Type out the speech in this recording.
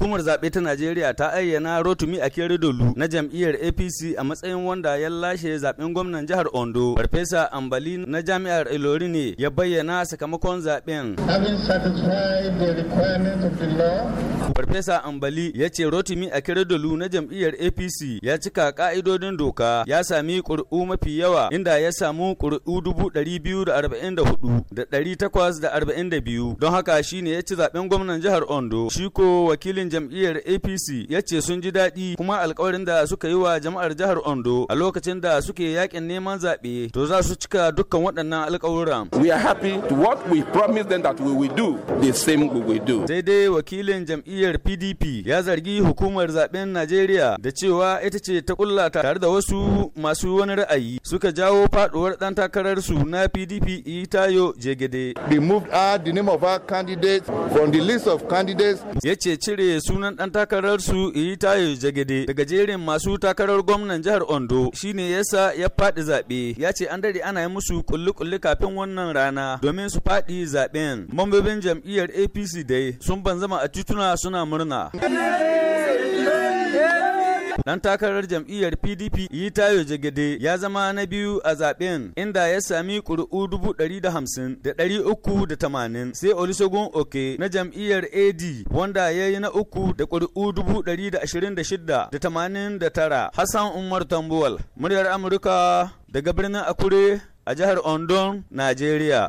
Hukumar zaɓe ta Najeriya ta ayyana Rotumi a kere dolu na jam'iyyar APC a matsayin wanda ya lashe zaɓen gwamnan jihar Ondo. Farfesa Ambali na jami'ar Ilori ne ya bayyana sakamakon zaɓen. Farfesa Ambali ya ce Rotumi a kere dolu na jam'iyyar APC ya cika ƙa'idodin doka ya sami ƙuri'u mafi yawa inda ya samu ƙuri'u dubu ɗari biyu da arba'in da hudu da ɗari takwas da arba'in da biyu don haka shine ya ci zaɓen gwamnan jihar Ondo. Shi ko wakilin jam'iyyar apc ya ce sun ji daɗi kuma alkawarin da suka yi wa jama'ar jihar ondo a lokacin da suke yakin neman zaɓe to za su cika dukkan waɗannan alƙawura. we are happy to what we promise them that we will do the same we will do sai dai wakilin jam'iyyar pdp ya zargi hukumar zaɓen najeriya da cewa ita ce ta kulla tare da wasu masu wani ra'ayi suka jawo faduwar takarar su na pdp itayo jegede removed her the name of our candidates from the list of candidates ya ce cire sunan dan takarar su Iyitayo Jagede daga jerin masu takarar gwamnan jihar Ondo shine yasa ya fadi zaɓe ya ce an dare ana yi musu kulli-kulli kafin wannan rana domin su fadi zaɓen. Mambobin jam'iyyar APC dai sun banzama a tituna suna murna. Dan takarar jam'iyyar PDP Yitayo Jagede ya zama na biyu a zaben inda ya sami ƙuri'u dubu ɗari da hamsin da ɗari uku da tamanin sai Olusegun Oke na jam'iyyar AD wanda ya yi na uku da ƙuri'u dubu ɗari da ashirin da shida da tamanin da tara Hassan Umar Tambuwal muryar Amurka daga birnin Akure a jihar Ondo, Najeriya.